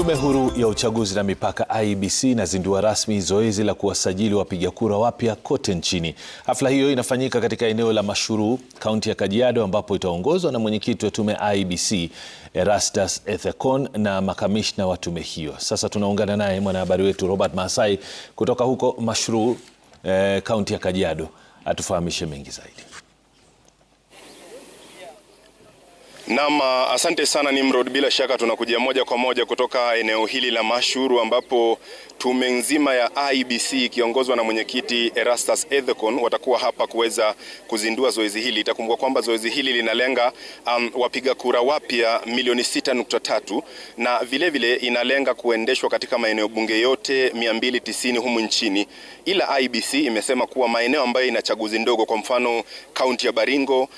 Tume Huru ya Uchaguzi na Mipaka IEBC inazindua rasmi zoezi la kuwasajili wapiga kura wapya kote nchini. Hafla hiyo inafanyika katika eneo la Mashuru, kaunti ya Kajiado, ambapo itaongozwa na mwenyekiti wa tume IEBC Erastus Ethekon na makamishna wa tume hiyo. Sasa tunaungana naye mwanahabari wetu Robert Masai kutoka huko Mashuru, eh, kaunti ya Kajiado, atufahamishe mengi zaidi. Naam, uh, asante sana Nimrod, bila shaka tunakuja moja kwa moja kutoka eneo hili la Mashuru ambapo tume nzima ya IEBC ikiongozwa na mwenyekiti Erastus Ethekon watakuwa hapa kuweza kuzindua zoezi hili. Itakumbuka kwamba zoezi hili linalenga um, wapiga kura wapya milioni 6.3 na vilevile vile inalenga kuendeshwa katika maeneo bunge yote 290 humu nchini, ila IEBC imesema kuwa maeneo ambayo ina chaguzi ndogo, kwa mfano kaunti ya Baringo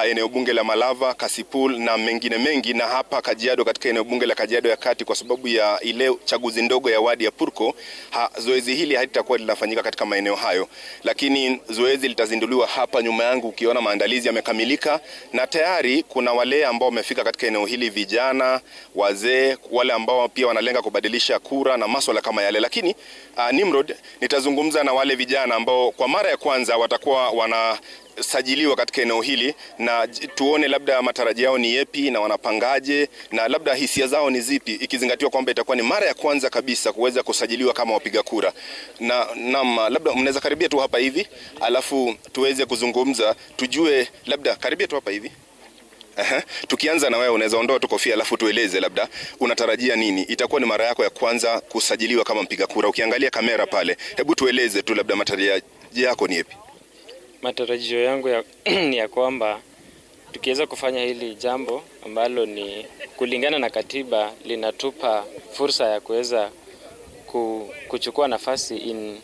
uh, eneo bunge la Malava, Kasipul na mengine mengi, na hapa Kajiado, katika eneo bunge la Kajiado ya kati, kwa sababu ya ile chaguzi ndogo ya wadi ya Purko ha, zoezi hili halitakuwa linafanyika katika maeneo hayo, lakini zoezi litazinduliwa hapa nyuma yangu. Ukiona maandalizi yamekamilika na tayari kuna wale ambao wamefika katika eneo hili, vijana, wazee, wale ambao pia wanalenga kubadilisha kura na maswala kama yale, lakini uh, Nimrod nitazungumza na wale vijana ambao kwa mara ya kwanza watakuwa wana sajiliwa katika eneo hili na tuone labda matarajio yao ni yepi na wanapangaje na labda hisia zao ni zipi, ikizingatiwa kwamba itakuwa ni mara ya kwanza kabisa kuweza kusajiliwa kama wapiga kura. Na naam, labda mnaweza karibia tu hapa hivi, alafu tuweze kuzungumza, tujue labda, karibia tu hapa hivi. Aha. Tukianza na wewe unaweza ondoa tu kofia alafu tueleze labda unatarajia nini? Itakuwa ni mara yako ya kwanza kusajiliwa kama mpiga kura. Ukiangalia kamera pale, hebu tueleze tu labda matarajio yako ni yapi? Matarajio yangu ya, ni ya kwamba tukiweza kufanya hili jambo ambalo ni kulingana na katiba linatupa fursa ya kuweza kuchukua nafasi in,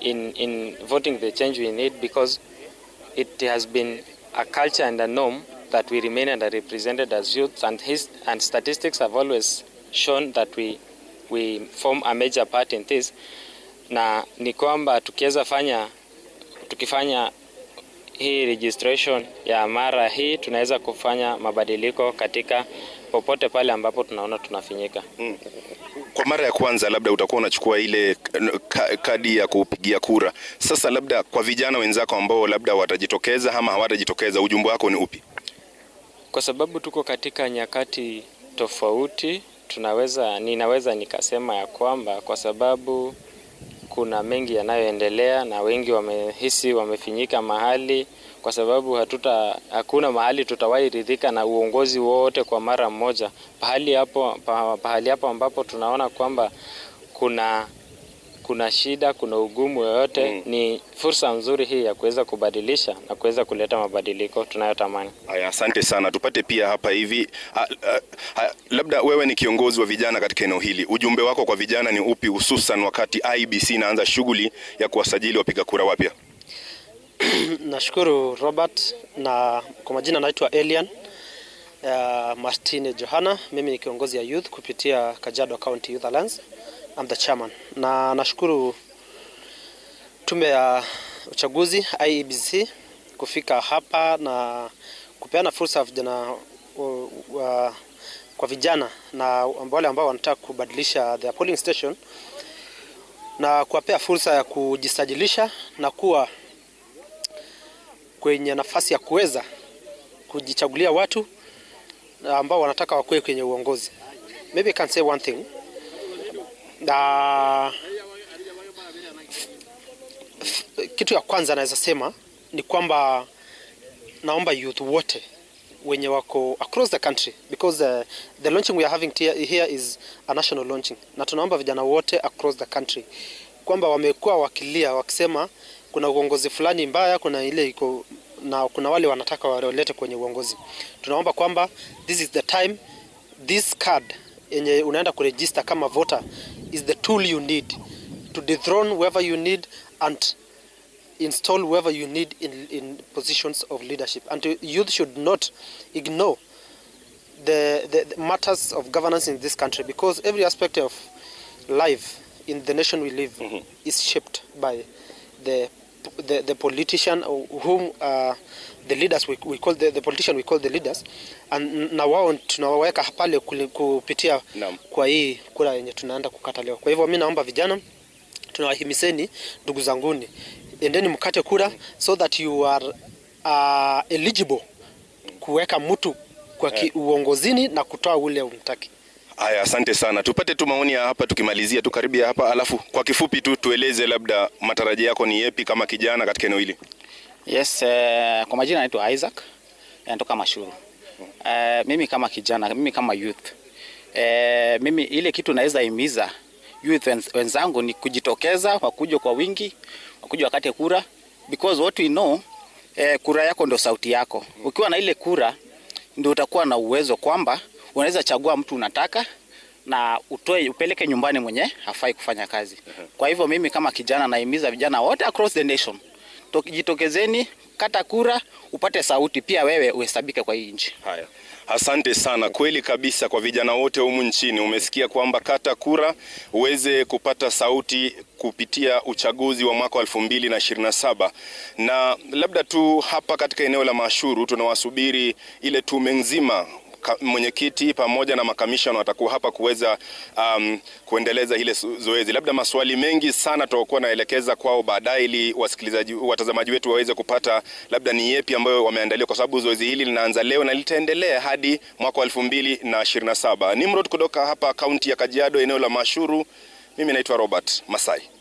in, in voting the change we need because it has been a culture and a norm that we remain underrepresented as youth and, his, and statistics have always shown that we, we form a major part in this na ni kwamba tukiweza fanya tukifanya hii registration ya mara hii tunaweza kufanya mabadiliko katika popote pale ambapo tunaona tunafinyika. Mm. Kwa mara ya kwanza labda utakuwa unachukua ile eh, kadi ya kupigia kura. Sasa labda kwa vijana wenzako ambao labda watajitokeza ama hawatajitokeza, ujumbe wako ni upi? Kwa sababu tuko katika nyakati tofauti, tunaweza ninaweza nikasema ya kwamba kwa sababu kuna mengi yanayoendelea na wengi wamehisi wamefinyika mahali kwa sababu hatuta, hakuna mahali tutawahi ridhika na uongozi wote kwa mara moja. Pahali hapo, pahali hapo ambapo tunaona kwamba kuna kuna shida, kuna ugumu yoyote mm, ni fursa nzuri hii ya kuweza kubadilisha na kuweza kuleta mabadiliko tunayotamani. Haya, asante sana. Tupate pia hapa hivi ha, ha, ha, labda wewe ni kiongozi wa vijana katika eneo hili, ujumbe wako kwa vijana ni upi, hususan wakati IBC inaanza shughuli ya kuwasajili wapiga kura wapya? Nashukuru Robert, na kwa majina naitwa Elian uh, Martine Johana. Mimi ni kiongozi ya youth kupitia Kajado County Youth Alliance. I'm the chairman. Na nashukuru tume ya uchaguzi IEBC kufika hapa na kupeana fursa vijana kwa vijana na wale ambao wanataka kubadilisha their polling station na kuwapea fursa ya kujisajilisha na kuwa kwenye nafasi ya kuweza kujichagulia watu ambao wanataka wakuwe kwenye uongozi. Maybe I can say one thing. Na kitu ya kwanza naweza sema ni kwamba naomba youth wote wenye wako across the country because uh, the launching we are having here is a national launching, na tunaomba vijana wote across the country kwamba wamekuwa wakilia wakisema kuna uongozi fulani mbaya, kuna ile iko na kuna wale wanataka walete kwenye uongozi. Tunaomba kwamba this is the time this card yenye unaenda kuregister kama voter is the tool you need to dethrone whoever you need and install whoever you need in, in positions of leadership. And youth should not ignore the, the, the matters of governance in this country because every aspect of life in the nation we live mm -hmm. is shaped by the the, the politician uh, whom uh, the leaders we, we call the, the politician we call the leaders and na wao tunawaweka pale kupitia no. kwa hii kura yenye tunaenda kukata leo. Kwa hivyo mimi naomba vijana, tunawahimiseni ndugu zanguni, endeni mkate kura so that you are uh, eligible kuweka mtu kwa ki, eh. uongozini na kutoa ule umtaki aya asante sana. Tupate tu maoni ya hapa tukimalizia tu karibia hapa, alafu kwa kifupi tu tueleze labda matarajio yako ni yepi kama kijana katika eneo hili? Yes, eh, kwa majina naitwa Isaac eh, natoka Mashuru. Eh, mimi kama kijana, mimi kama youth eh, mimi ile kitu naweza himiza youth wenzangu ni kujitokeza, wakuja kwa wingi, wakuja wakate kura because what we know eh, kura yako ndio sauti yako. Ukiwa na ile kura ndio utakuwa na uwezo kwamba unaweza chagua mtu unataka na utoe upeleke nyumbani mwenye hafai kufanya kazi. Kwa hivyo mimi kama kijana nahimiza vijana wote across the nation, jitokezeni, kata kura, upate sauti, pia wewe uhesabike kwa hii nchi. Haya. Asante sana kweli kabisa kwa vijana wote humu nchini. Umesikia kwamba kata kura uweze kupata sauti kupitia uchaguzi wa mwaka 2027 na, na labda tu hapa katika eneo la Mashuru tunawasubiri ile tume nzima mwenyekiti pamoja na makamishna watakuwa hapa kuweza um, kuendeleza ile zoezi. Labda maswali mengi sana tutakuwa naelekeza kwao baadaye, ili wasikilizaji, watazamaji wetu waweze kupata labda ni yepi ambayo wameandaliwa, kwa sababu zoezi hili linaanza leo na litaendelea hadi mwaka wa saba. Nimrod kutoka hapa kaunti ya Kajiado, eneo la Mashuru. Mimi naitwa Robert Masai.